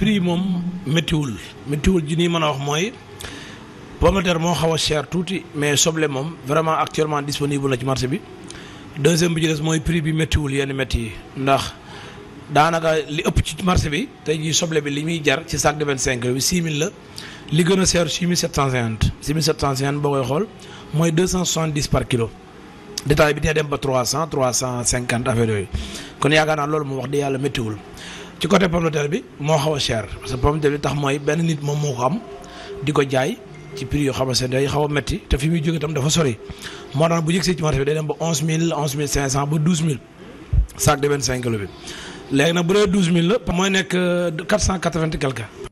prix yi moom méttiwul méttiwul ji nii mën a wax mooy pomme de moo xaw a cher tuuti mais soble moom vraiment actuellement disponible na ci marché bi deuxième bi ci mooy prix bi méttiwul yenn métti yi ndax daanaka li ëpp ci marché bi tey jii soble bi li muy jar ci sac de vingt cinq bi mille la li gën a cher six mille sept cent cinquante six mille sept cent cinquante boo koy xool mooy deux cent soixante dix par kilo détail bi dina dem ba trois cent trois cent cinquante affaire yooyu kon yaakaar naa loolu mu wax di yàlla méttiwul ci côté pomme de terre bi moo xaw a cher parce que pomme de terre bi tax mooy benn nit moom moo ko am di ko jaay ci prix yoo xamante ne day xaw a metti te fi muy jóge itam dafa sori moo tax bu njëkk see ci marché bi day dem ba onze mille onze mille cinq cent ba douze mille sac de vingt cinq kilos bi léegi nag bu dee douze mille la mooy nekk quatre cent quatre vingt quelque